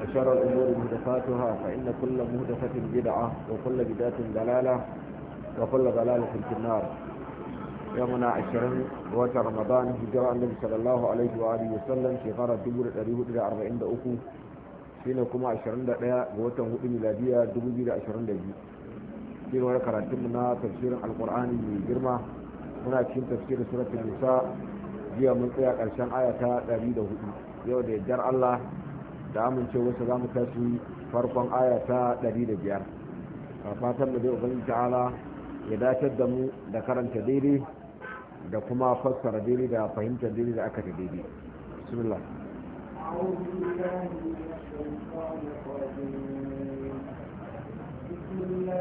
وشر الأمور مهدفاتها فإن كل مهدفة بدعة وكل بدعة ضلالة وكل ضلالة في النار يومنا عشرين وقت رمضان هجرة النبي صلى الله عليه وآله وسلم في غارة دبر الأريه إلى أربعين دقوكو فينا كما عشرين دقيقة وقت مهدي ميلادية دبر إلى عشرين دقيقة في غارة كراتبنا تفسير القرآن من جرمة هنا كين تفسير سورة النساء جيه من قياك الشان آية 104 يوم يجر الله da amince wasu za mu tashi farkon aya ta 105 a fatan da zai ubangiji ta'ala ya dace da mu da karanta daidai da kuma fassara daidai da fahimtar daidai da aka daidai bismillah a'udhu billahi minash shaitanir rajim بسم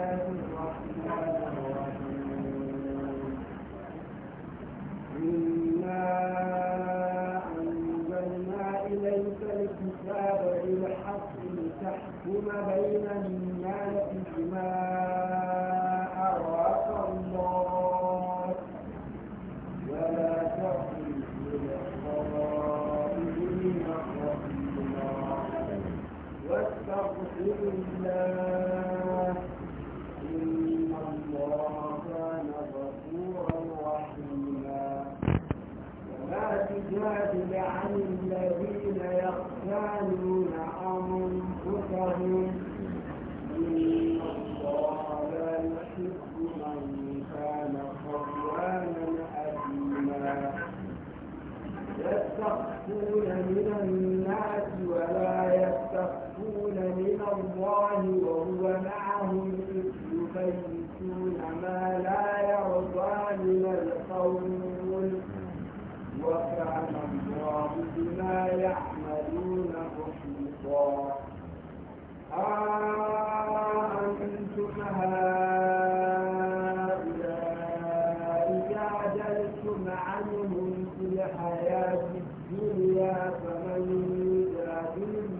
عنهم في الحياة الدنيا فمن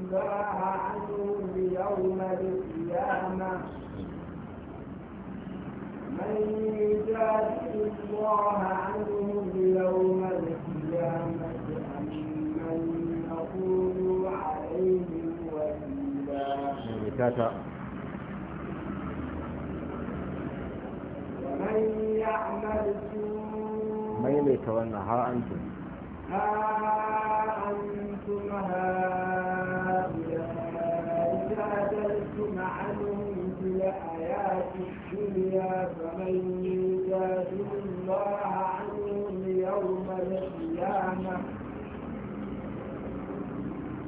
يجادل الله عنهم يوم القيامة من يجادل الله عنهم يوم القيامة أم من يقول عليهم وكيلا ومن يعمل سوءا maimaita wannan ha an tun ha an ha عنهم آيات الدنيا فمن يجادل الله عنهم يوم القيامة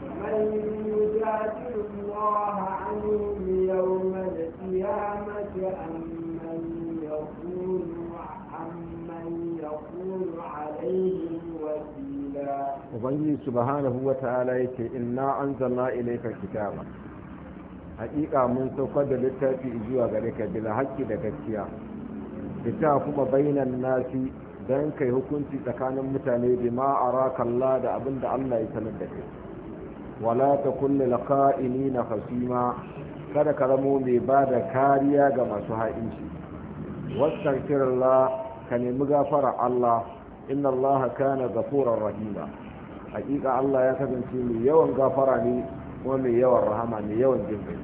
فمن يجادل الله عنهم يوم القيامة أم من يقول ubangiji subhanahu wata'ala yake inna anzalna ilayka kitaba haƙiƙa mun saukar da littafi zuwa gare ka bila haƙƙi da gaskiya fita kuma bainan nasi don kai hukunci tsakanin mutane bi ma araka Allah da abinda Allah ya sanar da kai wala ta kulli na khasima kada ka zamo mai ba da kariya ga masu ha'inci wastaghfirullah ka nemi gafara Allah inna Allah kana ghafurar rahima hakika Allah ya kasance mai yawan gafara ne kuma mai yawan rahama mai yawan jin kai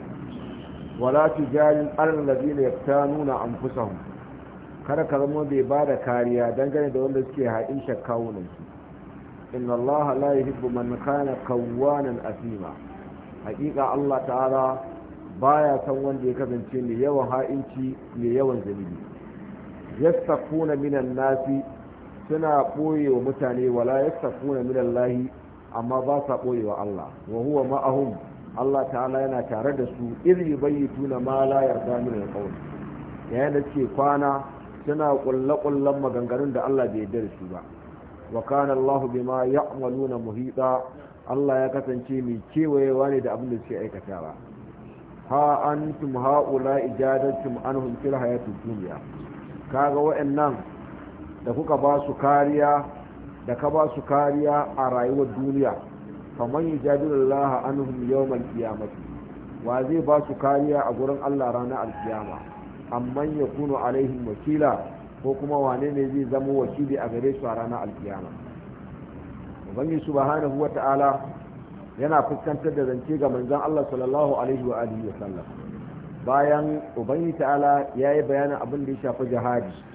wala tujali alladhina yaktanuna anfusahum kada ka zama bai bada kariya dangane da wanda suke haɗin shakkawunan su inna Allah la yuhibbu man kana kawwanan asima hakika Allah ta'ala baya san wanda ya kasance mai yawan ha'inci mai yawan zalimi yastaquna minan nasi suna ɓoye wa mutane wala ya safuna minallahi amma ba sa ɓoye wa Allah wa huwa ma'ahum Allah ta'ala yana tare da su iri bayyituna ma la yarda min alqawl yayin da suke kwana suna kulla kullan maganganun da Allah bai yarda su ba wa kana Allah bima ya'maluna muhita Allah ya kasance mai kewayewa ne da abin da suke aikatawa ha antum haula ijadatum anhum fil hayatid dunya kaga wa'annan da kuka ba su kariya da ka ba su kariya a rayuwar duniya kamar yi jadulallaha yau mai qiyamati wa zai ba su kariya a gurin Allah ranar alkiyama ya yakunu alaihim wakila ko kuma wane ne zai zama wakili a gare su a ranar alkiyama ubangiji subhanahu ta'ala yana fuskantar da zance ga manzon Allah sallallahu alaihi wa alihi wa sallam bayan ubangi ta'ala yayi bayanin abin da ya shafi jihadi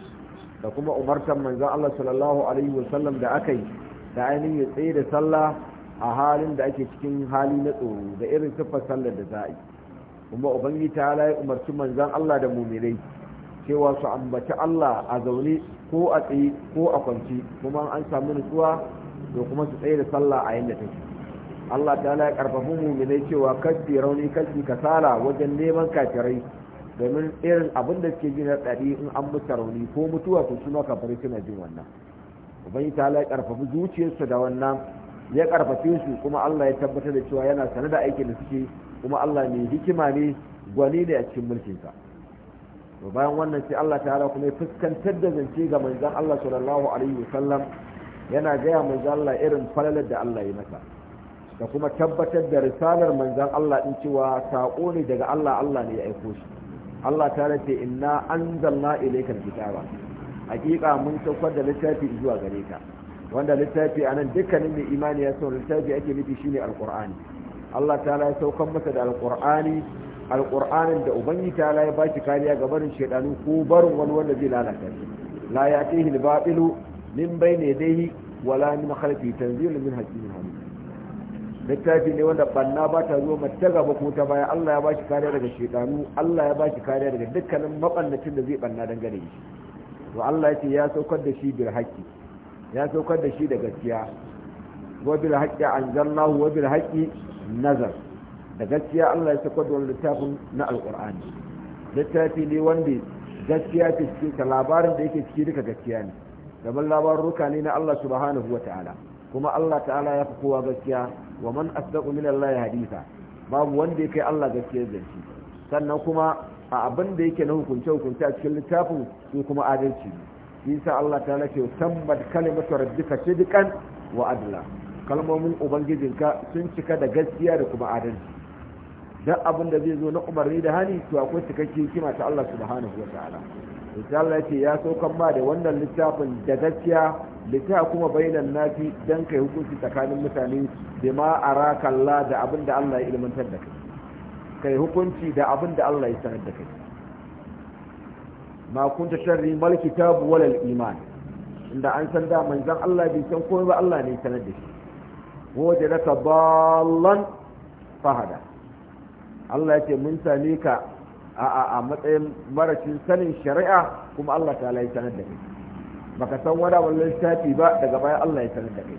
da kuma umartan manzon Allah sallallahu alaihi wasallam da aka yi da ainihin ya tsaye da sallah a halin da ake cikin hali na tsoro da irin siffar sallar da za a yi kuma ubangiji ta ya umarci manzon Allah da mumirai cewa su ambaci Allah a zaune ko a tsaye ko a kwanci kuma an samu nutsuwa da kuma su tsaye da sallah a yadda take Allah ta ya karfafi muminai cewa kafi rauni kafi kasala wajen neman kafirai domin irin abin da suke gina ɗari in an musu rauni ko mutuwa to su maka bari suna jin wannan ubangi ta ya karfafi zuciyarsu da wannan ya karfafe su kuma Allah ya tabbatar da cewa yana sanar da aikin da suke kuma Allah ne hikima ne gwani ne a cikin mulkinsa to bayan wannan sai Allah ta kuma ya fuskantar da zance ga manzon Allah sallallahu alaihi wasallam yana gaya manzon Allah irin falalar da Allah ya masa da kuma tabbatar da risalar manzan Allah ɗin cewa saƙo ne daga Allah Allah ne ya aiko shi Allah ta race inna anzalna ilaika kitaba hakika mun saukar da littafi zuwa gare ka wanda littafi anan dukkanin mai imani ya son littafi ake nufi shine alqur'ani Allah ta ya saukar masa da alqur'ani alqur'anin da ubangi ta ya ba kariya ga barin shedanu ko barin wani wanda zai lalata shi la ya'tihi albabilu min bayni yadayhi wala min khalfihi tanzilun min hakimin hamid littafi ne wanda banna ba ta zo ta gaba ko ta baya Allah ya bashi kariya daga shekaru Allah ya bashi kariya daga dukkanin maballacin da zai banna dangane shi to Allah ya ce ya saukar da shi bil haqqi ya saukar da shi da gaskiya wa bil haqqi anzalnahu wa bil haƙƙi nazar da gaskiya Allah ya saukar da wannan littafin na alqur'ani littafi ne wanda gaskiya ce cikin labarin da yake ciki duka gaskiya ne gaban labaruka ne na Allah subhanahu wa ta'ala kuma Allah ta'ala ya fi kowa gaskiya wa man asdaqu min Allah hadisa babu wanda yake Allah gaskiya zanci sannan kuma a abin da yake na hukunce hukunce a cikin littafin su kuma adalci ne yasa Allah ta nace tammat kalimatu rabbika sidqan wa adla kalmomin ubangijinka sun cika da gaskiya da kuma adalci dan abin da zai zo na umarni da hani to akwai cikakken hikima ta Allah subhanahu wa ta'ala ya ce ya saukan ba da wannan littafin da gaskiya litta kuma bainan nafi dan kai hukunci tsakanin mutane ma araka Allah da abin da Allah ya ilmantar da kai kai hukunci da abin da Allah ya sanar da kai ma kunta sharri mal kitab wal iman inda an san da manzon Allah bai san komai ba Allah ne sanar da shi da ka ballan fahada Allah ya ce mun same ka a'a a matsayin marashin sanin shari'a kuma Allah ta'ala ya sanar da kai baka san wani abu lissafi ba daga baya Allah ya sanar da kai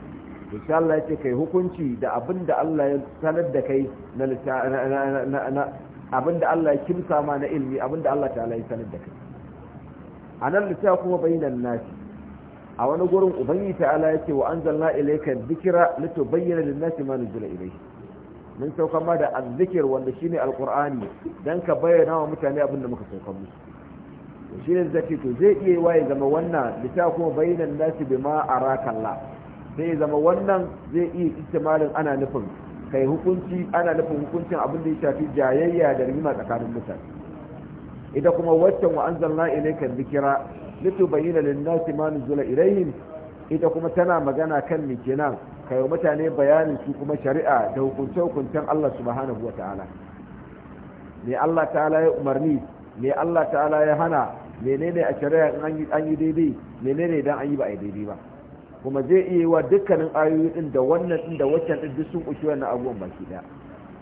insha Allah ya ce kai hukunci da abin da Allah ya sanar da kai na abin da Allah ya kimsa ma na ilmi abin da Allah ta'ala ya sanar da kai a nan lissafi kuma bayinan nasi a wani gurin ubangi ta'ala ya ce wa anzalna ilayka dhikra litubayyana lin-nasi ma nuzila ilayhi mun saukan ma da azzikir wanda shine alkur'ani dan ka bayyana wa mutane abin da muka saukan musu shi ne zaki to zai iya waye zama wannan ta kuma bi ma a rakalla sai zama wannan zai iya istimalin ana nufin kai hukunci ana nufin hukuncin abin da ya shafi jayayya da rima tsakanin mutane idan kuma waccan wa anzalna ilayka dhikra litubayyana lin-nasi ma nuzila ilayhim ita kuma tana magana kan me nan mutane bayanin su kuma shari'a da hukunce hukuncen Allah subhanahu ta'ala ne Allah ta'ala ya umarni ne Allah ta'ala ya hana menene a shari'a an yi daidai menene dan an yi ba a daidai ba kuma zai iya wa dukkanin ayoyi din da wannan din da waccan din duk sun kushe wannan abubuwan baki daya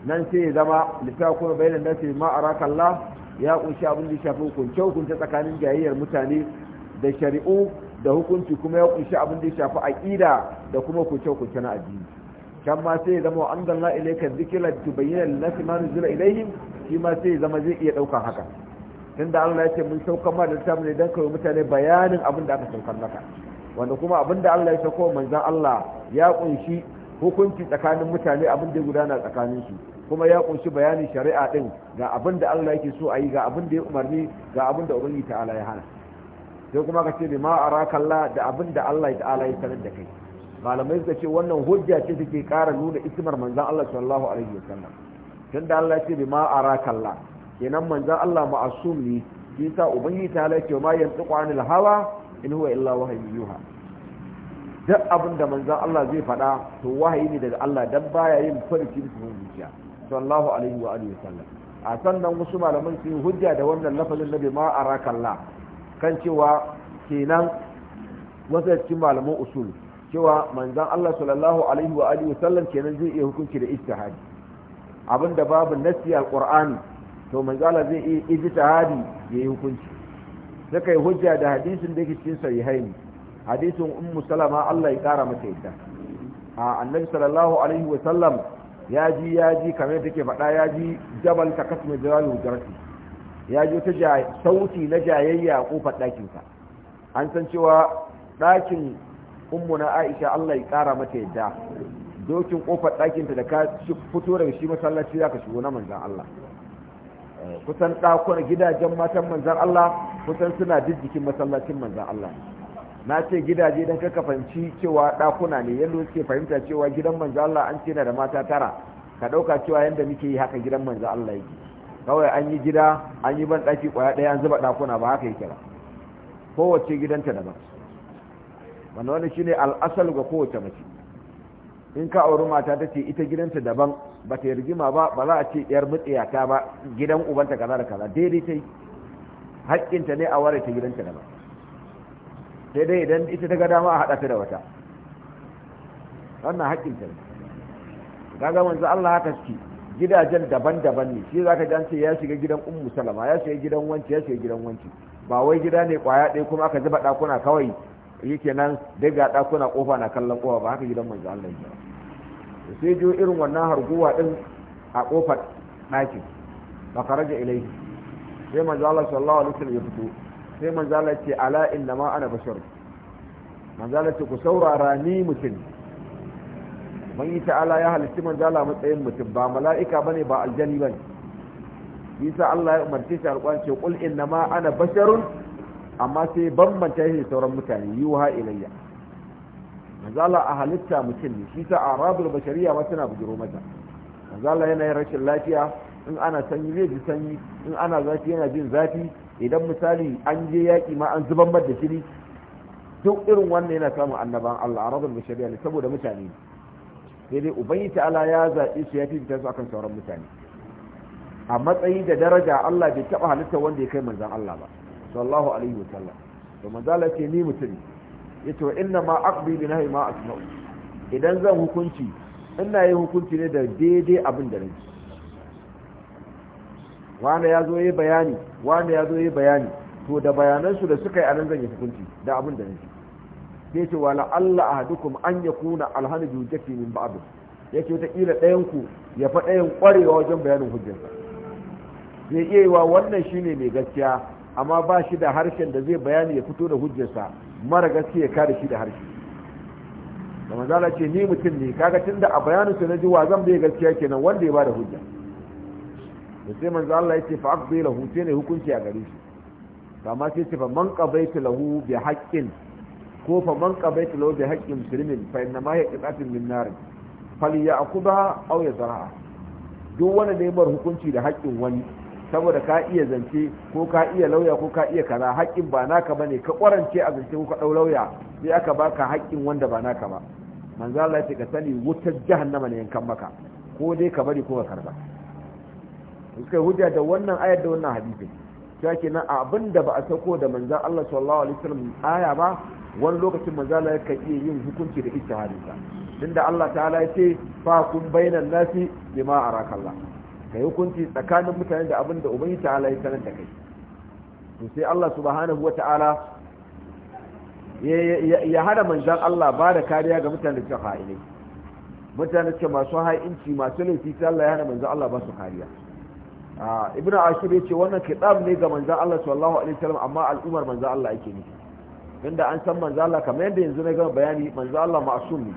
nan sai ya zama littafin bayanan sai ma araka Allah ya kunshi abin da shafi hukunce hukunce tsakanin jayayyar mutane da shari'u da hukunci kuma ya kunshi abin da ya shafi aqida da kuma kuce kuce na addini can ma sai ya zama wa anzalna ilayka dhikra tubayyana lin ma nuzila ilayhim shi ma sai ya zama zai iya daukan haka tunda Allah ya ce mun saukar ma da littafin ne dan kawo mutane bayanin abin da aka saukar maka wanda kuma abin da Allah ya sako manzon Allah ya kunshi hukunci tsakanin mutane abin da ya gudana tsakanin su kuma ya kunshi bayanin shari'a din ga abin da Allah yake so a yi ga abin da ya umarni ga abin da ubangi ta'ala ya hana sai kuma ka ce bi ma a rakalla da abin da Allah ta'ala ya sanar da kai malamai suka ce wannan hujja ce da ke kara nuna ismar manzan Allah sallallahu alaihi tun da Allah ya ce bi ma a rakalla kenan manzan Allah ma'asum ne yasa ubangiji ta halaye ma yantiqu anil hawa in huwa illa wahayi yuha duk abin da manzan Allah zai faɗa to wahayi ne daga Allah dan baya yin farki da zuciya sallallahu alaihi wa alihi wasallam a sannan wasu malaman sun hujja da wannan lafazin na bi ma a rakalla kan cewa kenan wasu cikin malaman usul cewa manzan Allah sallallahu alaihi wa alihi wasallam kenan zai iya hukunci da ijtihadi abinda babu nasi alqur'ani to manzan Allah zai iya ijtihadi yayi hukunci suka kai hujja da hadisin da yake cikin sahihaini hadisin ummu salama Allah ya kara mata yadda a annabi sallallahu alaihi wa sallam ya ji ya ji kamar take faɗa ya ji jabal takasmu jalalu jarati ya ji wata sauti na jayayya a kofar ɗakinsa an san cewa ɗakin ummu na aisha allah ya ƙara mata yadda dokin kofar ɗakinta da ka fito daga shi masallaci za ka shigo na manzan allah eh, kusan ɗakunan gidajen matan manzan allah kusan suna jijjikin masallacin manzan allah na ce gidaje don kaka fahimci cewa ɗakuna ne yadda suke fahimta cewa gidan manzan allah an ce na da mata tara ka ɗauka cewa yadda muke yi haka gidan manzan allah yake kawai an yi gida an yi ban ɗaki ƙwaya ɗaya an zuba ɗakuna ba haka yake ba kowace gidanta daban wanda wani shine al'asal ga kowace mace in ka auri mata ta ce ita gidanta daban ba ta rigima ba ba za a ce yar mutsiyata ba gidan ubanta kaza da kaza daidai ta yi haƙƙinta ne a ware ta gidanta daban sai dai idan ita ta ga dama a haɗa ta da wata wannan haƙƙinta ne kaga manzo Allah haka suke gidajen daban-daban ne shi zaka dan ce ya shiga gidan ummu salama ya shiga gidan wanci ya shiga gidan wanci ba wai gida ne kwaya ɗaya kuma aka zuba ɗakuna kawai yake nan ga ɗakuna kofa na kallon kofa ba haka gidan manzo Allah ya sai jo irin wannan harguwa din a kofar ɗakin ba karaja ilaihi sai manzo Allah sallallahu alaihi wasallam ya fito sai manzo Allah ce ala inna ma ana bashar manzo Allah ce ku saurara ni mutum man yi ta'ala ya halitti a matsayin mutum ba mala'ika bane ba aljani bane yasa Allah ya umarce shi alƙwan ce qul inna ma ana basharun amma sai bambanta shi sauran mutane yuha ilayya manzala a halitta mutum ne shi ta arabul bashariya ma tana bujiro mata manzala yana yin rashin lafiya in ana sanyi zai ji sanyi in ana zafi yana jin zafi idan misali an je yaƙi ma an zubar da shiri duk irin wannan yana samun annaban Allah a rabin bashariya ne saboda mutane ne sai dai ta ta'ala ya zaɓi su ya fi fitar su akan sauran mutane a matsayi da daraja Allah bai taɓa halitta wanda ya kai manzan Allah ba sallallahu alaihi wa sallam to manzo Allah ce ni mutum yace wa inna ma aqbi bi nahyi ma asma'u idan zan hukunci ina yin hukunci ne da daidai abin da nake wani ya zo yi bayani wani ya zo yi bayani to da bayanansu da suka yi a nan zan yi hukunci da abin da nake sai ce wala Allah kuma an kuna alhanu hujjati min ba'd yake wata kila ɗayan ku ya fa ɗayan ƙwarewa wajen bayanin hujjarsa zai iya yi wa wannan ne mai gaskiya amma ba shi da harshen da zai bayani ya fito da hujjarsa mara gaskiya ya kare shi da harshe da manzala ce ni mutum ne kaga tun da a bayanin sa ji wa zan bai gaskiya kenan wanda ya ba da hujja da sai manzo Allah ya ce fa aqbi lahu sai ne hukunci a gare shi amma sai ce fa man qabaita lahu bi haqqin ko fa man qabaita law bi haqqi muslimin fa inna ma hiya qit'atun min nar falyakhudha aw yazraha duk wanda da bar hukunci da haƙƙin wani saboda ka iya zance ko ka iya lauya ko ka iya kaza haƙƙin ba naka bane ka kwarance a zance ko ka dau lauya sai aka baka haƙƙin wanda ba naka ba manzo Allah ya ka sani wutar jahannama ne yankan maka ko dai ka bari ko ka karba suka hujja da wannan ayar da wannan hadisi ta kenan abin da ba a sako da manzan Allah sallallahu alaihi wasallam aya ba wani lokacin manzala ya iya yin hukunci da ijtihadinsa tunda Allah ta'ala ya ce fa kun bainan nasi bima araka Allah kai hukunci tsakanin mutane da abin da ubangi ta'ala ya sanar da kai to sai Allah subhanahu wata'ala ya hada manzan Allah ba da kariya ga mutane da suka ha'ile mutane ce masu ha'inci masu laifi sai Allah ya hada manzan Allah ba su kariya ah, ibn ashir ya ce wannan kitab ne ga manzan Allah sallallahu alaihi wasallam amma al'umar manzan Allah yake nufi tunda an san manzo Allah kamar yadda yanzu na gama bayani manzo Allah ma'sum ne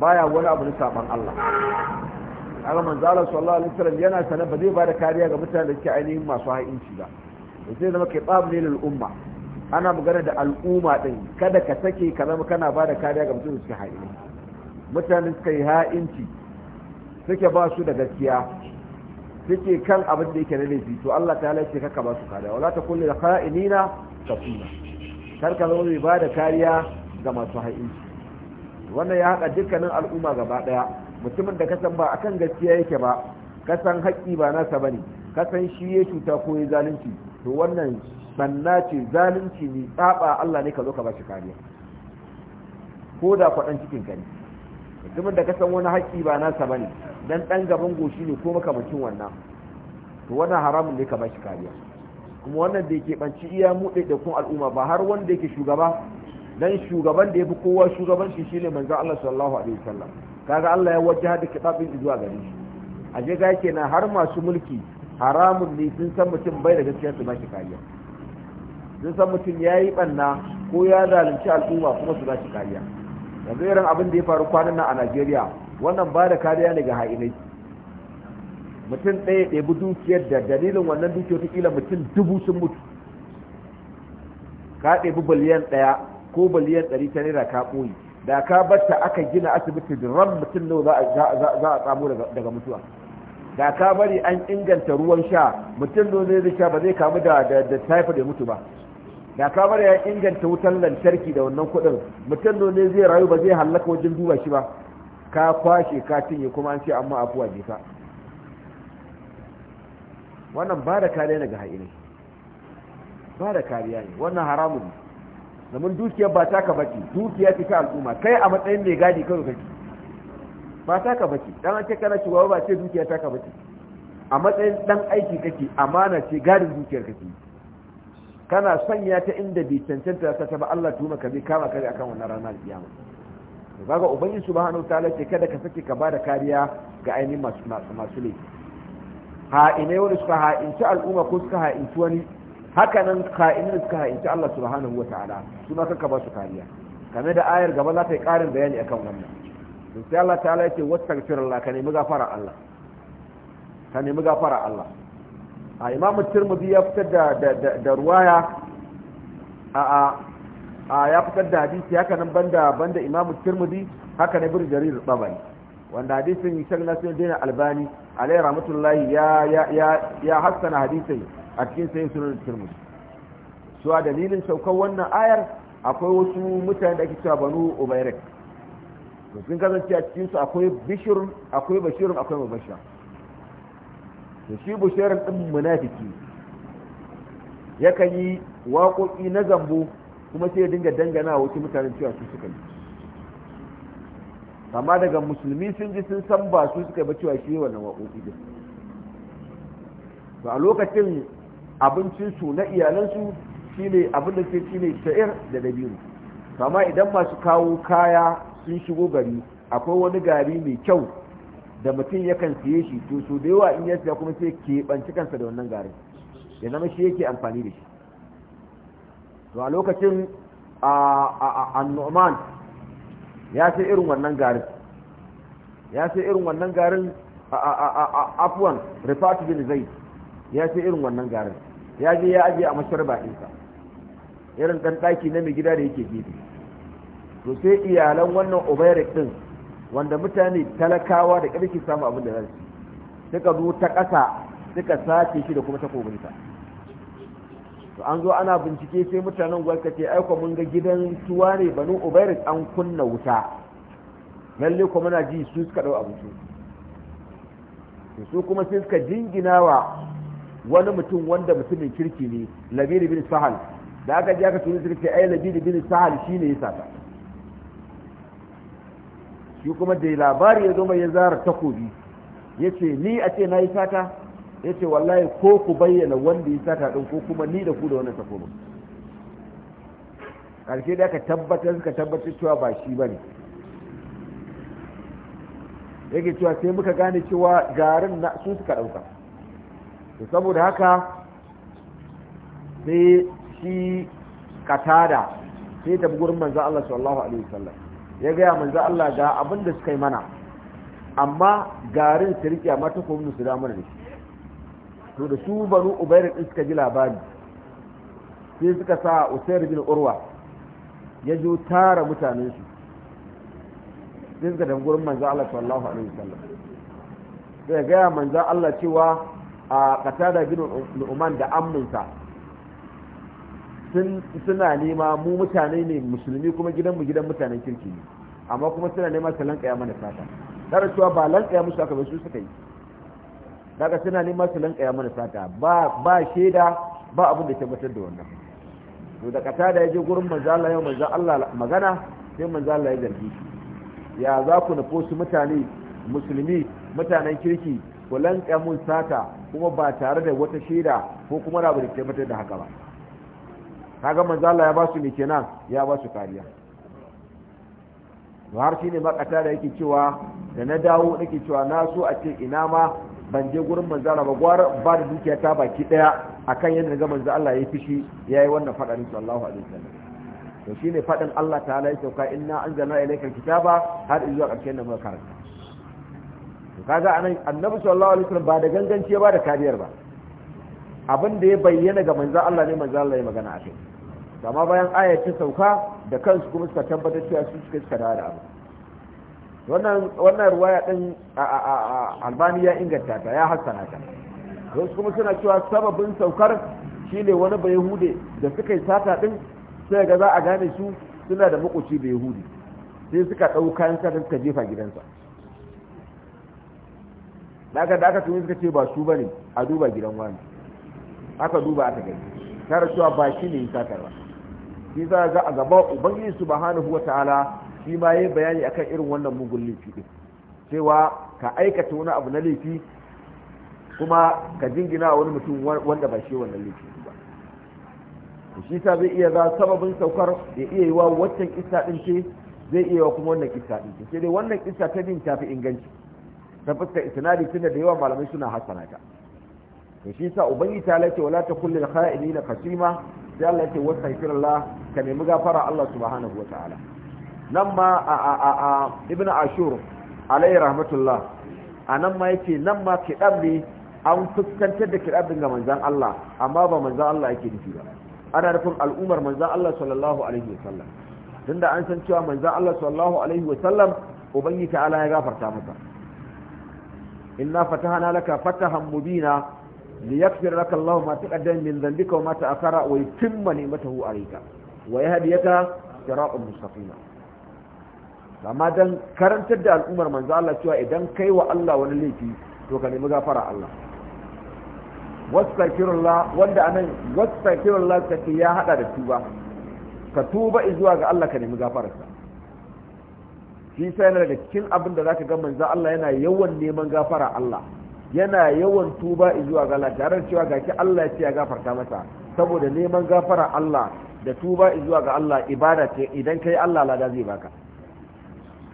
baya wani abu na saban Allah kaga manzo Allah sallallahu alaihi wasallam yana sanar ba zai ba da kariya ga mutanen da suke ainihin masu ha'inci ba sai zama kai ne lil umma ana magana da al'umma din kada ka sake ka zama kana ba da kariya ga mutanen da suke ha'inci mutanen suka yi ha'inci suke ba su da gaskiya suke kan abin da yake na laifi to Allah ta halarce kaka ba su kariya wala ta kulli na kafina kar ka zama mai ba da kariya ga masu ha'inci wannan ya haɗa dukkanin al'umma gaba ɗaya mutumin da kasan ba akan gaskiya yake ba kasan haƙƙi ba nasa bane kasan shi ya cuta ko ya zalunci to wannan sanna ce zalunci ne tsaba Allah ne ka zo ka bashi kariya ko da kwaɗan cikin kani mutumin da kasan wani haƙƙi ba nasa bane dan ɗan gaban goshi ne ko mutum wannan to wannan haramun ne ka bashi kariya kuma wannan da yake banci iya da kun al'umma ba har wanda yake shugaba dan shugaban da yafi kowa shugabanci shine manzo Allah sallallahu alaihi wasallam kaga Allah ya wajaha da kitabin zuwa gare shi a je ga na har masu mulki haramun ne sun san mutum bai da gaskiya su baki kariya sun san mutum ya yi banna ko ya zalunci al'umma kuma su baki kariya yanzu irin abin da ya faru kwanan nan a Najeriya wannan ba da kariya ne ga ha'inai mutum ɗaya ɗebi dukiyar da dalilin wannan dukiyar tukila mutum dubu sun mutu ka ɗebi biliyan ɗaya ko biliyan ɗari ta naira ka ɓoye da ka batta aka gina asibiti ran mutum nau za a tsamo daga mutuwa da ka bari an inganta ruwan sha mutum nau ne zai sha ba zai kamu da taifa ya mutu ba da ka bari an inganta wutar lantarki da wannan kuɗin mutum nau ne zai rayu ba zai hallaka wajen duba shi ba ka kwashe ka cinye kuma an ce amma afuwa je ka wannan ba da kariya ga haini ba da kariya ne wannan haramun ne domin dukiyar ba ta ka bace dukiya ce ka al'umma kai a matsayin mai gadi karo kake ba ta ka bace dan an ce kana shugaba ba ce dukiya ka bace a matsayin dan aiki kake amana ce gadin dukiyar kake kana sanya ta inda bai cancanta ta ta ba Allah tuma ka bi kama kare akan wannan ranar kiyama to kaga ubangiji subhanahu wataala ce kada ka sake ka bada kariya ga ainihin masu masu laifi ha'inai wani suka ha'inci al'umma ko suka ha'inci wani haka nan ha'inai suka ha'inci Allah subhanahu wa ta'ala su ma kanka ba su kariya kame da ayar gaba za ta yi ƙarin bayani akan wannan don sai Allah ta'ala yake wata Allah ka nemi gafara Allah ka nemi gafara Allah a imam tirmidhi ya fitar da da ruwaya a a ya fitar da hadisi haka nan banda banda imam tirmidhi haka ne bir jarir babari wanda hadisin shek nasiru dina albani alai rahmatullah ya ya ya hassana hadisin a cikin sayin sunan turmusu su a dalilin saukar wannan ayar akwai wasu mutane da ake cewa banu ubairek sun kasance a cikinsu akwai bishir akwai bashirin akwai mubashir da shi bashirin din munafiki yakan yi waƙoƙi na zambo kuma sai ya dinga dangana wasu mutanen cewa su suka yi amma daga musulmi sun ji sun san ba su suka ba cewa shi wannan waƙoƙi din to a lokacin abincin su na iyalansu shine abin da shi ne sha'ir da dabiru amma idan masu kawo kaya sun shigo gari akwai wani gari mai kyau da mutum yakan siye shi to so da yawa in ya siya kuma sai keɓanci kansa da wannan garin ya zama shi yake amfani da shi to a lokacin a nu'man ya sai irin wannan garin ya sai irin wannan garin afwan rifatu bin zai ya sai irin wannan garin ya je ya ajiye a mashar ɗinsa irin ɗan ɗaki na mai gida da yake gidi to sai iyalan wannan obairik ɗin wanda mutane talakawa da ƙarfi samu abin da za su suka zo ta ƙasa suka sace shi da kuma ta kogunta to an zo ana bincike sai mutanen gwal ce aiko mun ga gidan tuwa ne banu ubairis an kunna wuta lalle kuma na ji su suka dau abu su kuma sai suka jingina wa wani mutum wanda mutumin kirki ne labiri bin sahal da aka ji aka tuni su ce ai labiri bin sahal shine ya sata shi kuma da labari ya zo mai ya zara takobi yace ni a ce na yi sata ya ce wallahi ko ku bayyana wanda ya sata ɗin ko kuma ni da ku da wannan takoba ƙarshe da aka tabbatar suka tabbatar cewa ba shi ba ne yake cewa sai muka gane cewa garin na su suka ɗauka to saboda haka sai shi katada sai tafi gurin manzo Allah sallallahu alaihi wasallam ya gaya manzo Allah ga abin da suka yi mana amma garin su rike amma ta kuma su da mana da shi to da su banu ubayr din suka ji labari sai suka sa usair bin urwa ya jo tara mutanen su sai suka tafi gurin manzo Allah sallallahu alaihi wasallam sai ga manzo Allah cewa a qatada bin Uman da amminsa suna nema mu mutane ne musulmi kuma gidan mu gidan mutanen kirki ne amma kuma suna nema su lankaya mana sata tare cewa ba lankaya musu aka bai su suka yi daga suna neman su lankaya mana sata ba ba sheda ba abin da tabbatar da wannan to da kata da je gurin manzala yau magana sai manzo Allah ya zargi ya za ku nufo su mutane musulmi mutanen kirki ku lankaya mun sata kuma ba tare da wata shaida ko kuma rabu da tabbatar da haka ba kaga manzo Allah ya ba su me kenan ya ba su kariya har shi ne makata da yake cewa da na dawo nake cewa na so a ce ina ma ban je gurin manzara ba gwara ba da dukiya ta baki daya akan yadda ga manzo Allah ya fishi yayi wannan fadarin sallallahu alaihi wasallam to shine fadin Allah ta'ala ya sauka inna anzalna ilayka kitaba har zuwa karshen nan muka karanta to kaga anan annabi sallallahu alaihi wasallam ba da ganganci ba da kariyar ba abin da ya bayyana ga manzo Allah ne manzo Allah ya magana a kai amma bayan ayat ta sauka da kansu kuma suka tabbatar cewa su suka dawo da abu wannan ruwaya din albani ya inganta ta ya hassana ta wasu kuma suna cewa sababin saukar shine wani bai hude da suka yi sata din sai ga za a gane su suna da makoci bai hude sai suka ɗau kayan sata suka jefa gidansa daga da aka tuni suka ce ba su ba ne a duba gidan wani aka duba aka gani kara cewa ba shi ne sata ba shi za ga a gaba ubangiji subhanahu wataala shi ma yayi bayani akan irin wannan mugun laifi din cewa ka aikata wani abu na laifi kuma ka jingina wani mutum wanda ba shi wannan laifi ba shi ta zai iya za sababin saukar ya iya yi wa waccan kissa din ce zai iya wa kuma wannan kissa din ce sai dai wannan kissa ta ta tafi inganci ta fuska isnadi tunda da yawa malamai suna hasana ta to shi sa ubangi ta lace wala ta kullil kha'ilina qasima sai Allah ya ce wastaghfirullah ka nemi gafara Allah subhanahu wa ta'ala nan ma a a a a ibn ashur alayhi rahmatullah a nan ma yake nan ma kidab ne an fuskantar da kidab din ga manzan Allah amma ba manzan Allah yake nufi ba ana nufin al'ummar manzan Allah sallallahu alaihi wa sallam tunda an san cewa manzan Allah sallallahu alaihi wa sallam ubangi ta'ala ya gafarta masa inna fatahana laka fatahan mubina liyaghfir laka Allah ma taqaddama min dhanbika wa ma ta'akhara wa yutimma ni'matahu alayka wa yahdiyaka siratan mustaqima amma dan karantar da al'ummar manzo Allah cewa idan kai wa Allah wani laifi to ka nemi gafara Allah wastakirullah wanda anan wastakirullah take ya hada da tuba ka tuba zuwa ga Allah ka nemi gafararsa shi sai yana daga cikin abin da zaka ga manzo Allah yana yawan neman gafara Allah yana yawan tuba zuwa ga Allah tare da cewa gashi Allah ya ce ya gafarta masa saboda neman gafara Allah da tuba zuwa ga Allah ibada ce idan kai Allah lada zai baka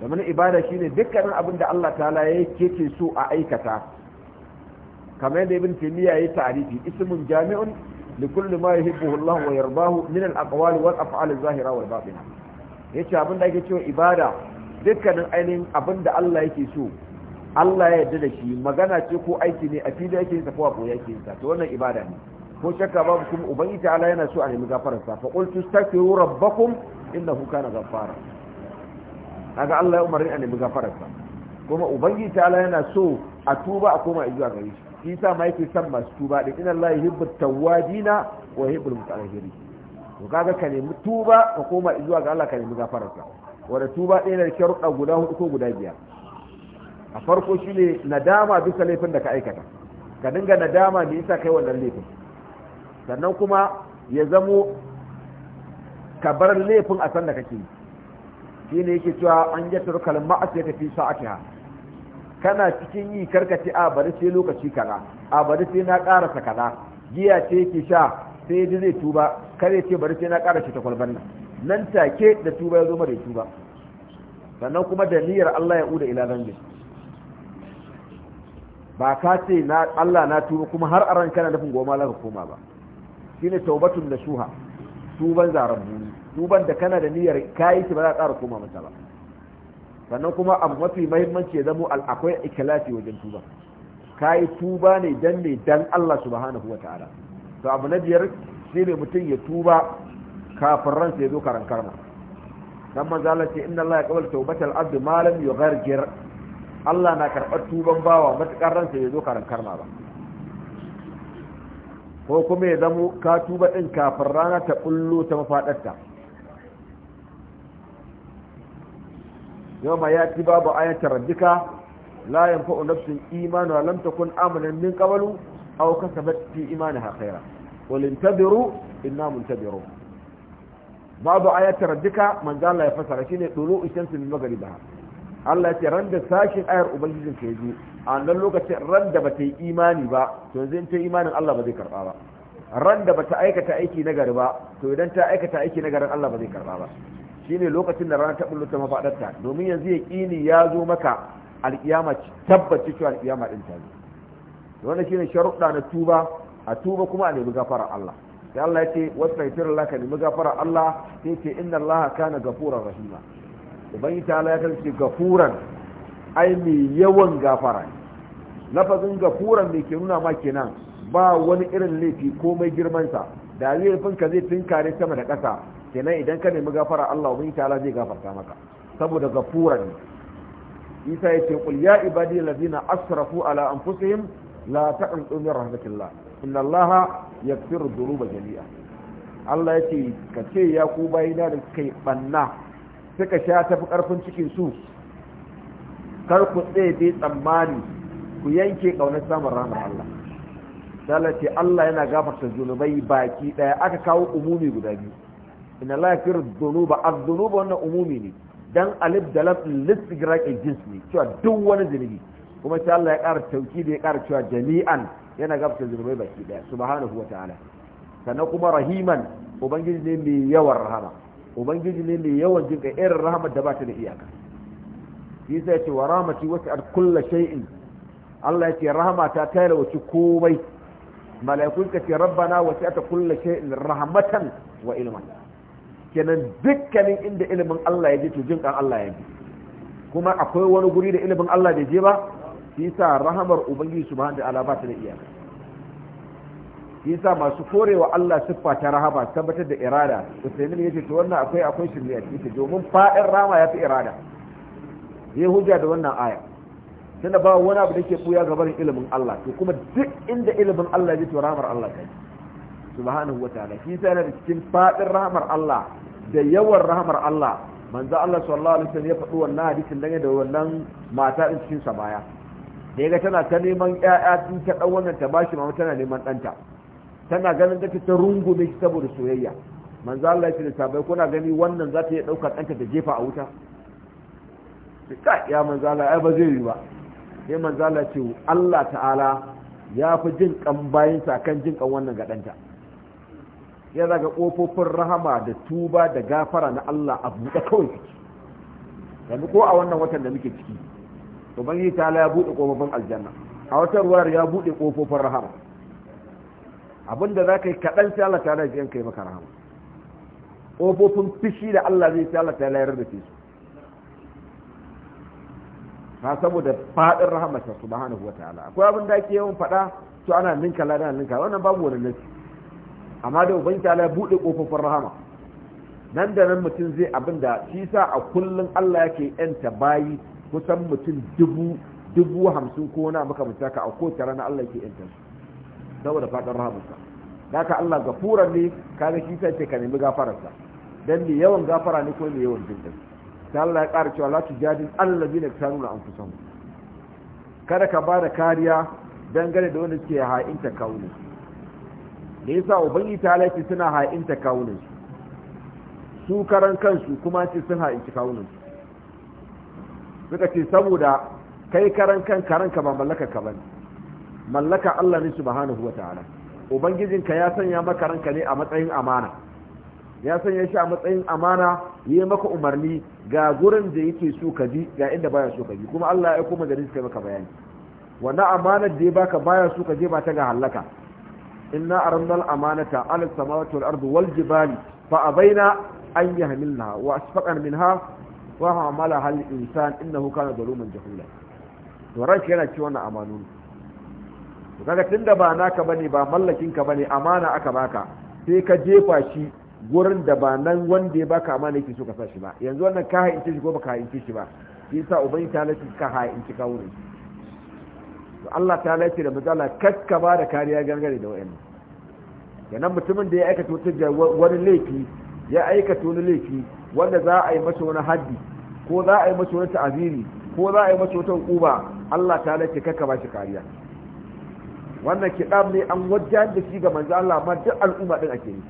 domin ibada shi ne dukkanin abin da Allah ta'ala yake ce so a aikata kamar yadda yi taymiya yayi ta'rifi isimin jami'un li kulli ma yuhibbuhu Allah wa yardahu min al-aqwal wal af'al az-zahira wal batina abin da ake cewa ibada dukkanin ainihin abin da Allah yake so Allah ya yarda da shi magana ce ko aiki ne a fili yake yin ko a koyi yake yin to wannan ibada ne ko shakka babu kuma ubangiji ta'ala yana so a nemi gafarar sa fa qultu astaghfiru rabbakum innahu kana ghaffara kaga Allah ya umarni a nemi gafararsa kuma ubangiji ta Allah yana so a tuba a koma zuwa gare shi isa ma yake san masu tuba da inna Allah yuhibbu tawwabina wa yuhibbu mutahhirin to kaga ka nemi tuba ka koma zuwa ga Allah ka nemi gafararsa wanda tuba ɗaya da sharuɗa guda hudu ko guda biyar a farko shine nadama bisa laifin da ka aikata ka dinga nadama da yasa kai wannan laifin sannan kuma ya zamo ka bar laifin a san da kake yi shine yake cewa an ya turka ma'asiya ta fi sa'atiha kana cikin yi karkaci a bari sai lokaci kaza a bari sai na karasa kaza giya ce yake sha sai ji zai tuba kar ya ce bari sai na karasa ta kwalban nan nan take da tuba ya zo mara tuba sannan kuma da niyyar Allah ya uda ila ba ka ce na Allah na tuba kuma har aran kana dafin goma la ka koma ba shine taubatun nasuha tuban zaren buni tuban da kana da niyyar kayi shi ba za ka ƙara koma masa ba sannan kuma abu mafi mahimmanci ya zamo akwai ikhlasi wajen tuba kayi tuba ne dan ne dan Allah subhanahu wataala to abu na biyar shi ne mutum ya tuba kafin ransa ya zo karan karma dan manzo Allah ce inna Allah yaqbalu tawbatal abd ma lam yughargir Allah na karɓar tuban bawa matukar ransa ya zo karan karma ba ko kuma ya zamo ka tuba ɗin kafin rana ta ɓullo ta mafaɗarta yau ma ya ci babu ayatar rabbika la yanfa'u nafsin imanu lam kun amunan min a aw kasabat fi imaniha khayra ina intabiru inna muntabiru babu ayatar rabbika manzo Allah ya fasara shine dulu ishamsu min ba Allah ce ran da sashin ayar ubangijin ka yazo a nan lokacin ran da bata yi imani ba to yanzu in ta imanin Allah ba zai karba ba ran da bata aikata aiki na gari ba to idan ta aikata aiki na garin Allah ba zai karba ba shine lokacin da rana ta bullo ta mafadarta domin yanzu yaqini ya zo maka alkiyama tabbaci cewa alkiyama din ta zo wannan shine sharuɗa na tuba a tuba kuma a nemi gafara Allah sai Allah ya ce wastaghfirullah ka nemi gafara Allah sai ce inna laha kana gafurar rahima ubangi ta ya karce gafuran ai mai yawan gafara lafazin gafuran mai ke nuna ma kenan ba wani irin laifi komai girmansa da laifinka zai tinkare sama da ƙasa kenan idan ka nemi gafara Allah ubangi ta zai gafarta maka saboda gafuran isa ya ce qul ya ibadi allazina asrafu ala anfusihim la taqnutu min rahmatillah inna allaha yaghfiru dhunuba jami'a Allah ya ce ka ce ya ku bayina da kai banna suka sha tafi karfin cikin su kar ku tsaye tsammani ku yanke ƙaunar samun ranar Allah Allah Allah yana gafarta zunubai baki ɗaya aka kawo umumi guda biyu ina lafiyar zunuba a zunuba wannan umumi ne dan alif da lafin listigraƙin jins ne cewa duk wani zunubi kuma sai Allah ya kara tauki da ya kara cewa jami'an yana gafarta zunubai baki daya subhanahu wa ta'ala sannan kuma rahiman ubangiji ne mai yawan rahama ubangiji ne mai yawan jin kai irin da ba ta da iyaka sai ya ce wa rahmati al kullu shay'in Allah ya ce rahmata ta yalwaci komai mala'ikun ka ce rabbana wasi'at kullu shay'in rahmatan wa ilman kenan dukkanin inda ilimin Allah ya ji to jin kan Allah ya ji. kuma akwai wani guri da ilimin Allah bai je ba sa rahmar ubangiji subhanahu wa ta'ala ba ta da iyaka yasa masu korewa Allah siffa ta rahama tabbatar da irada usaimin yace to wannan akwai akwai ne a cikin domin faɗin rama ya fi irada ya hujja da wannan aya tunda ba wani abu da ke buya gaban ilimin Allah to kuma duk inda ilimin Allah ya to ramar Allah kai subhanahu ta'ala shi yasa yana da cikin fadin rahamar Allah da yawan rahamar Allah manzo Allah sallallahu alaihi wasallam ya faɗi wannan hadisin dange da wannan mata din cikin sa baya da yaga tana ta neman ƴaƴa tun ta dan wannan ta bashi ma tana neman ɗanta tana ganin take ta rungume shi saboda soyayya manzo Allah ya ce sabai kuna gani wannan za ta iya daukar danta da jefa a wuta ka ya manzo Allah ai ba zai yi ba sai manzo Allah ce Allah ta'ala ya fi jin kan bayin sa kan jin kan wannan ga danta ya daga kofofin rahama da tuba da gafara na Allah a buɗe kawai ciki yanzu ko a wannan watan da muke ciki ubangiji ta'ala ya buɗe kofofin aljanna a wata ruwar ya buɗe kofofin rahama abinda za ka yi kaɗan sai Allah ta'ala ya kai maka rahama ƙofofin fishi da Allah zai sai Allah ta'ala ya fi su ha saboda faɗin rahama su hana subhanahu wa ta'ala akwai abin da ake yawan faɗa to ana ninka lada ninka wannan babu wani nasi amma da ubangi ta'ala ya buɗe ƙofofin rahama nan da nan mutum zai abin da shi sa a kullum Allah yake yanta bayi kusan mutum dubu dubu hamsin ko wani abu kamar a kowace rana Allah yake yanta su saboda fadar Da haka Allah gafuran ne ga shi sai ka nemi gafararsa dan bi yawan gafara ne ko bi yawan jindan sai Allah ya ƙara cewa la tujadil allazina tanuna anfusahum kada ka ba da kariya dangane da wanda suke ha'inta kaunin da yasa ubangiji ta laifi suna ha'inta kaunin su karan kansu kuma ce sun ha'inci kaunin suka ce saboda kai karan kan karanka ba mallaka ka bane mallaka Allah ne subhanahu wa ta'ala ka ya sanya maka ranka ne a matsayin amana ya sanya shi a matsayin amana yayi maka umarni ga gurin da yake so ka bi ga inda baya so ka bi kuma Allah ya aiko majalis kai maka bayani wannan amanar da ya baka baya so ka je ba ta ga halaka inna aradna amanata ala samawati wal ardi wal jibali fa abaina an yahmilnaha wa asfaqan minha wa hamalaha al-insan innahu kana zaluman jahula to ranka yana ci wannan amanu kaga tunda ba naka bane ba mallakin ka bane amana aka baka sai ka jefa shi gurin da ba nan wanda ya baka amana yake so ka sa shi ba yanzu wannan ka haince shi ko baka haince shi ba shi yasa ubangi ta lati ka haince ka wurin to Allah ta lati da mazala kaska ba da kariya gangare da wayannan kenan mutumin da ya aikata wata wani laifi ya aikata wani laifi wanda za a yi masa wani haddi ko za a yi masa wani ta'aziri ko za a yi masa wata hukuma Allah ta lati kakka ba shi kariya wannan kiɗam ne an wajen da shi ga manzo Allah amma duk al'umma din ake yi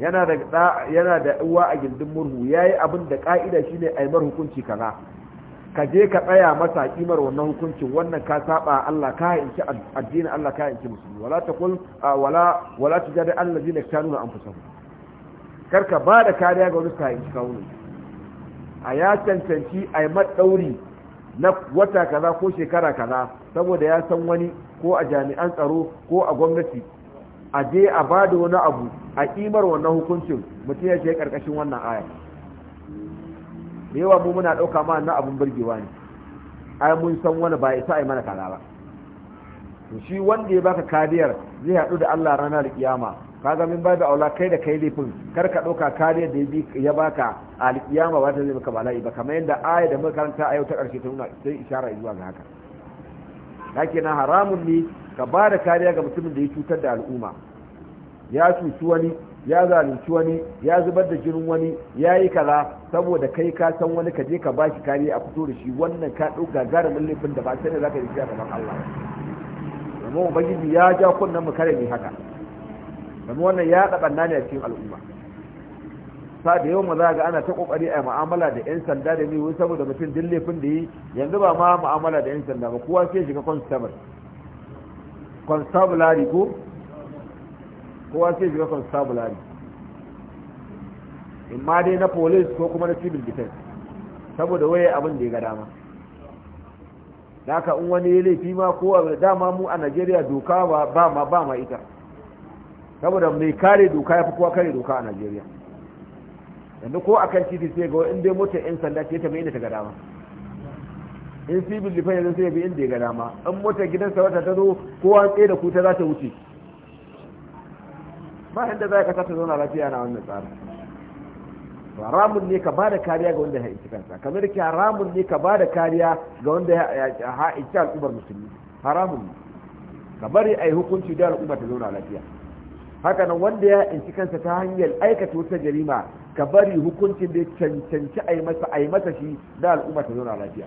yana da yana da uwa a gindin murhu yayi abin da ka'ida shine ai mar hukunci kaza ka je ka tsaya masa kimar wannan hukuncin wannan ka saba Allah ka yanki addinin Allah ka yanki musulmi wala taqul wala wala tujadi allazina kanuna anfusahum karka ba da kariya ga wani ka yanki kawunan a ya cancanci yi madauri na wata kaza ko shekara kaza saboda ya san wani ko a jami'an tsaro ko a gwamnati a je a ba da wani abu a kimar wannan hukuncin mutum ya je karkashin wannan aya da yawa mu muna ɗauka ma na abun burgewa ne ai mun san wani ba isa ai mana kaza ba to shi wanda ya baka kariyar zai haɗu da Allah ranar kiyama kaga min ba da aula kai da kai laifin kar ka ɗauka kariyar da ya baka alkiyama ba ta zai maka bala'i ba kamar yadda aya da muka karanta a yau ta ƙarshe ta nuna sai isharar zuwa ga haka haka na haramun ne ka ba da kariya ga mutumin da ya cutar da al'umma ya cuci wani ya zalunci wani ya zubar da jinin wani ya yi kaza saboda kai ka san wani ka je ka ba shi kariya a fito da shi wannan ka ɗauka min laifin da ba sai da zaka yi shi a gaban Allah domin ubangiji ya ja kunnen mu kare ni haka domin wannan ya ɗaɓanna ne a cikin al'umma sa da yawan za ga ana ta kokari a mu'amala da yan sanda da ni wani saboda mutum duk laifin da yi yanzu ba ma mu'amala da yan sanda ba kowa sai shiga constable constabulary ko kowa sai shiga constabulary in ma dai na police ko kuma na civil defense saboda waye abin da ya ga dama haka in wani ya laifi ma ko dama mu a Najeriya doka ba ma ba ma ita saboda mai kare doka ya fi kowa kare doka a Najeriya yanzu ko akan titi sai ga in dai motar yan sanda ce ta mai inda ta ga dama in sibil lifa yanzu sai bi inda ya ga dama in motar gidansa wata ta zo kowa an tsaye da kuta za ta wuce ba inda za ka kasa zauna lafiya na wannan tsara ramun ne ka bada kariya ga wanda ya haiti kansa kamar ki haramun ne ka bada kariya ga wanda ya haiti al'ummar musulmi haramun ne ka bari a yi hukunci da al'ubar ta zauna lafiya haka nan wanda ya haiti kansa ta hanyar aikata wata jarima ka bari hukuncin da ya cancanci a yi masa a yi masa shi da al'umma ta zauna lafiya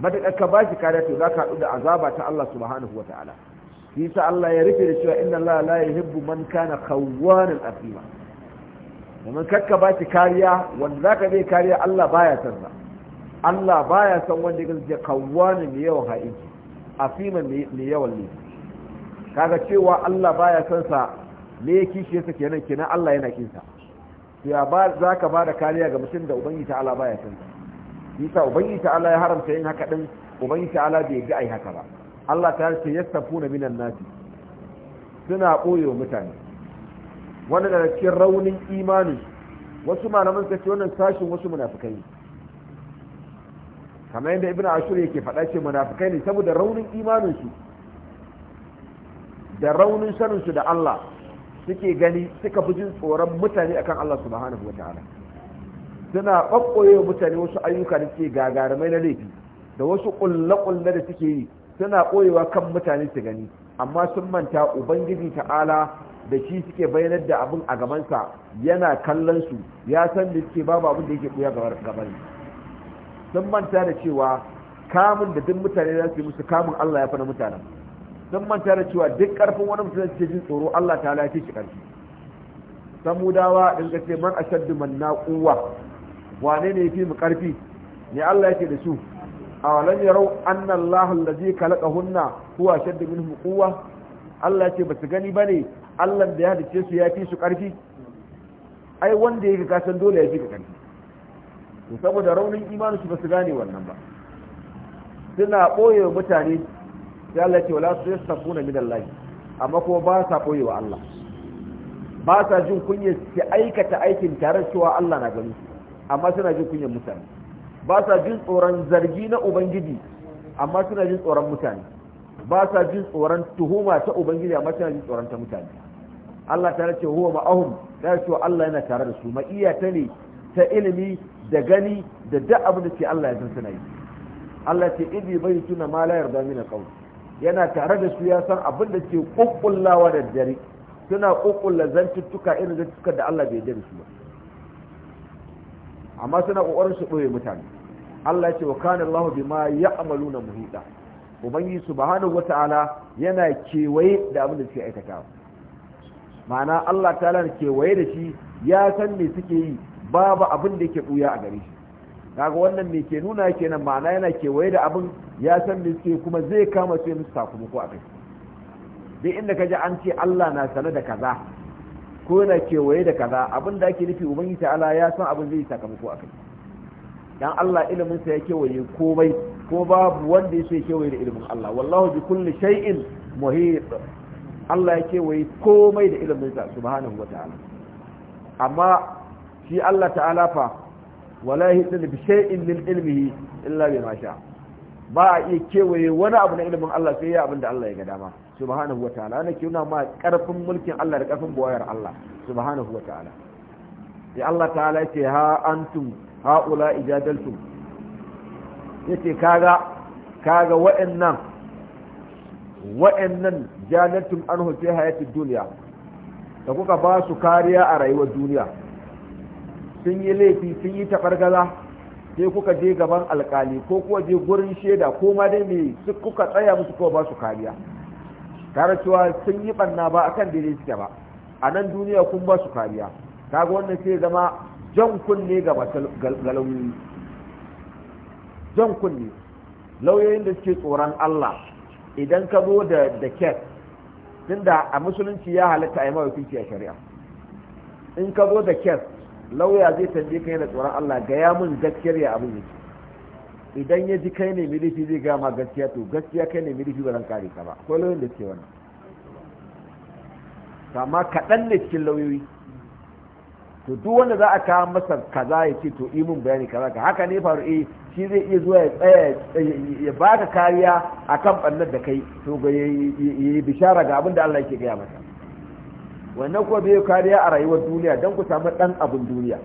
matuƙar ka ba shi kariya to za ka haɗu da azaba ta Allah subhanahu wa ta'ala shi sa Allah ya rufe da cewa inna Allah la yuhibbu man kana khawwanan asima domin kakka ba shi kariya wanda za ka bai kariya Allah baya san sa Allah baya san wanda ya kasance khawwanan mai yawan ha'inci asima mai yawan ne kaga cewa Allah baya san sa me yake shi yasa kenan kenan Allah yana kinsa ya ba za ka ba da kariya ga mutum da ubangi ta'ala baya san yasa ubangi ta'ala ya haramta yin haka din ubangi ta'ala bai ga ai haka ba Allah ta ce yastafuna minan nasi suna wa mutane wani da cikin raunin imani wasu malaman suka ce wannan sashin wasu munafikai kamar yadda ibnu ashur yake faɗa ce munafikai ne saboda raunin imanin su da raunin sanin su da Allah suke gani suka fi jin tsoron mutane akan Allah subhanahu wa ta'ala suna ɓaɓɓoye mutane wasu ayyuka da suke gagarumai na laifi da wasu ƙulle-ƙulle da suke yi suna ɓoyewa kan mutane su gani amma sun manta ubangiji ta'ala da shi suke bayanar da abin a gabansa yana kallon su ya san da suke babu abin da yake ɓuya gaban sun manta da cewa kamun da duk mutane za su yi musu kamun Allah ya fi na mutanen sun manta da cewa duk karfin wani mutum ce jin tsoro Allah ta lafi shi karfi samudawa in ga ce man ashaddu man naquwa wane ne yafi mu karfi ne Allah yake da su awalam yarau anna Allah allazi khalaqahunna huwa ashaddu minhum quwwa Allah yake su gani bane Allah da ya halice su yafi su karfi ai wanda yake san dole ya fi ka karfi to saboda raunin imanin su su gane wannan ba suna ɓoye mutane sai Allah ce wala su yastafuna min Allah amma kuma ba sa koyi wa Allah ba sa jin kunya su aikata aikin tare cewa Allah na gani amma suna jin kunya mutane ba sa jin tsoron zargi na ubangiji amma suna jin tsoron mutane ba sa jin tsoron tuhuma ta ubangiji amma suna jin tsoron ta mutane Allah ta ce huwa ma'ahum ta ce Allah yana tare da su ma'iya ta ne ta ilimi da gani da duk abin da ke Allah ya san suna yi Allah ce idi bai tuna ma la yarda min alqawl yana tare da su ya san abin da ke ƙuƙullawa da dare suna ƙuƙulla zantuttuka irin zantuttuka da Allah bai da su ba amma suna ƙoƙarin su ɓoye mutane Allah ya ce wa kana Allah bima ya'maluna muhida ubangi subhanahu wata'ala yana kewaye da abin da suke aikata ma'ana Allah ta'ala kewaye da shi ya san me suke yi babu abin da yake buya a gare shi kaga wannan me ke nuna kenan ma'ana yana kewaye da abin ya san me suke kuma zai kama su musu sakamako a kai duk inda ka ji an ce Allah na sane da kaza ko yana kewaye da kaza abin da ake nufi ubangiji ta'ala ya san abin zai sakamako a kai dan Allah ilimin sa ya kewaye komai ko babu wanda ya kewaye da ilimin Allah wallahu bi kulli shay'in muhit Allah ya kewaye komai da ilimin sa subhanahu wataala amma shi Allah ta'ala fa wala yahiddu bi shay'in min ilmihi illa bima sha ba a iya kewaye wani abu na ilimin Allah sai ya abin da Allah ya ga dama subhanahu wataala ana kiuna ma karfin mulkin Allah da karfin boyar Allah subhanahu wataala ya Allah ta'ala yace ha antum haula ijadaltum yace kaga kaga wa'annan wa'annan jadaltum anhu fi hayatid dunya da kuka ba su kariya a rayuwar duniya sun yi laifi sun yi tabargaza sai kuka je gaban alkali ko kuwa je gurin shaida ko ma dai me su kuka tsaya musu ko ba su kariya tare cewa sun yi banna ba akan daidai suke ba a nan duniya kun ba su kariya kaga wannan sai zama jan kunne ga lauyoyi jan kunne lauyoyin da suke tsoron Allah idan ka zo da da kes tunda a musulunci ya halatta a yi mawakinci a shari'a in ka zo da kes lauya zai tambaye ka yana tsoron Allah gaya mun gaskiyar ya abin yake idan ya ji kai ne milifi zai gama gaskiya to gaskiya kai ne milifi ba zan kare ka ba ko lauyoyin da suke wannan amma kaɗan ne cikin lauyoyi to duk wanda za a kawo masa kaza ya ce to imin bayani kaza ka haka ne faru eh shi zai iya zuwa ya tsaya ya baka kariya akan ɓannar da kai to ga yi bishara ga abin da Allah yake gaya masa wannan kuma bai kariya a rayuwar duniya don ku samu ɗan abin duniya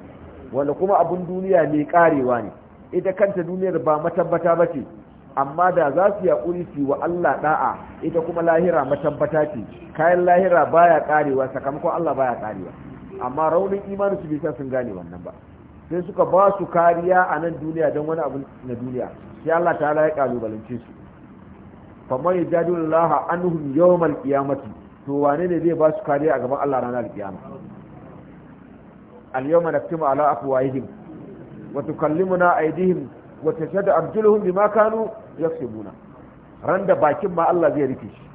wanda kuma abin duniya mai karewa ne ita kanta duniyar ba matabbata ba ce amma da za su yaƙuri su wa Allah ɗa'a ita kuma lahira matabbata ce kayan lahira baya karewa sakamakon Allah baya karewa amma raunin imanin su bisa sun gane wannan ba sai suka ba su kariya a nan duniya don wani abu na duniya sai Allah ta ya kalubalance su famar yajadullah anhum yawmal qiyamati to wane ne zai ba su kariya a gaban Allah ranar kiyama al-yawma naktimu ala afwahihim wa tukallimuna aydihim wa tashhadu arjuluhum bima kanu yaksubuna ran da bakin ma Allah zai rike shi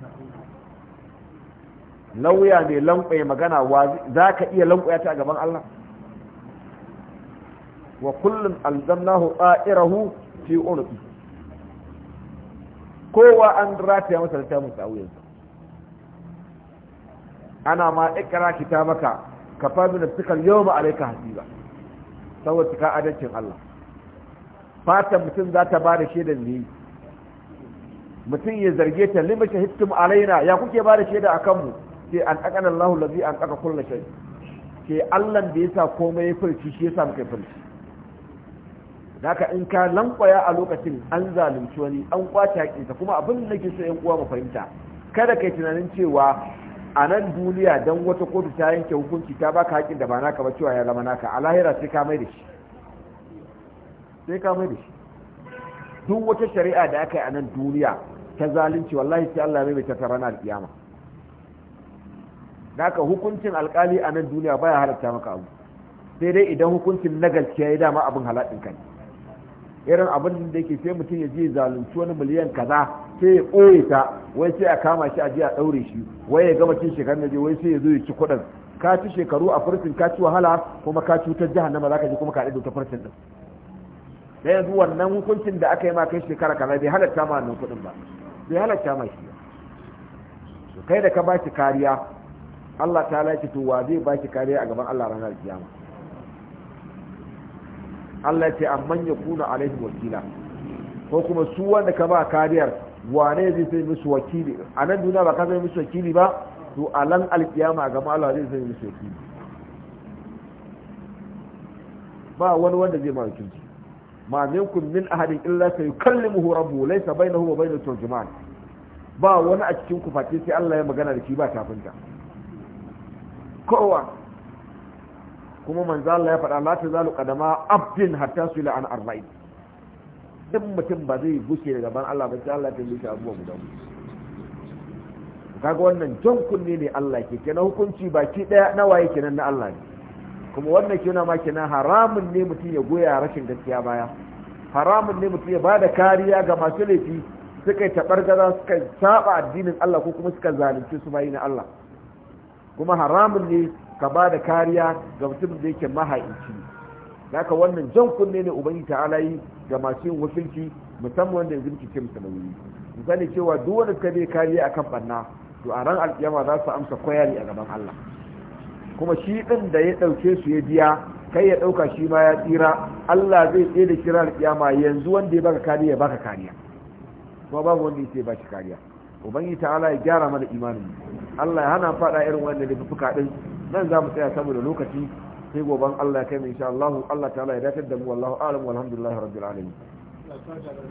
lauya mai lankwaye magana wa zaka iya lankwaya ta a gaban Allah wa kullum alzamnahu tsa'irahu fi unuki kowa an rataya masa littafin sa a ana ma ikra kitabaka kafa bi da al-yawma alayka hasiba saboda cika adalcin Allah fata mutum za bada shaidar ne mutum ya zarge ta lima shahidtum alaina ya kuke bada shaida akan mu sai an akana Allahu allazi an aka kullu shay ke Allah da yasa komai ya furci shi yasa muka furci haka in ka lankwaya a lokacin an zalunci wani an kwace hakinsa kuma abin da nake so yan uwa mu fahimta kada kai tunanin cewa a nan duniya don wata kotu ta yanke hukunci ta baka haƙin da ba naka ba cewa ya zama naka a lahira sai ka mai da shi sai ka mai da shi duk wata shari'a da aka yi a nan duniya ta zalunci wallahi sai Allah mai ta tarana alƙiyama naka hukuncin alƙali a nan duniya baya halatta maka abu sai dai idan hukuncin na gaskiya ya dama abin halaɗin ka ne irin abin da yake sai mutum ya je zalunci wani miliyan kaza sai ya ɓoye ta wai sai a kama shi a je a ɗaure shi wai ya gama cin shekaru na je wai sai ya zo ya ci kuɗin ka ci shekaru a furtin ka ci wahala kuma ka ci cutar jahannama za ka je kuma ka ɗaiɗo ta furtin ɗin Sai yanzu wannan hukuncin da aka yi ma kai shekara kaza bai halatta ma wannan kuɗin ba bai halatta ma shi kai da ka ba shi kariya Allah ta laki to wa zai ba shi kariya a gaban Allah ranar kiyama Allah ya ce amman ya kuna alaihi wakila ko kuma su wanda ka ba kariyar wane zai sai musu wakili a nan duniya ba ka zai musu wakili ba to a lan alkiyama ga Allah zai sai musu wakili ba wani wanda zai ma wakilci ma minkum min ahadin illa sayukallimuhu bai laysa bainahu wa bainahu turjuman ba wani a cikin ku face sai Allah ya magana da shi ba tafinta kowa kuma manzo Allah ya faɗa la tazalu qadama abdin hatta sula an arba'in duk mutum ba zai buke daga ban Allah ba sai Allah ya tambaye shi guda kaga wannan jan kunne ne Allah ke kenan hukunci baki daya na waye kenan na Allah ne kuma wannan kenan ma kenan haramun ne mutum ya goya rashin gaskiya baya haramun ne mutum ya bada kariya ga masu laifi suka yi tabargaza suka saba addinin Allah ko kuma suka zalunci su bayi na Allah kuma haramun ne ka ba da kariya ga mutum da yake mahaici haka wannan jan kunne ne ubangiji ta alayi ga masu yin wakilci musamman da yanzu muke ce musu nauyi mu sani cewa duk wanda suka bai kariya akan banna to a ran alkiyama za su amsa koyari a gaban Allah kuma shi ɗin da ya ɗauke su ya biya kai ya ɗauka shi ma ya tsira Allah zai tsaye da kira alkiyama yanzu wanda ya baka kariya ya baka kariya kuma babu wanda yake ba shi kariya ubangi ta'ala ya gyara mana imanin Allah ya hana faɗa irin wannan da fuka din nan za mu tsaya saboda lokaci sai goban Allah ya kai mu insha Allah Allah ta'ala ya dakatar da mu wallahu a'lam walhamdulillahi rabbil alamin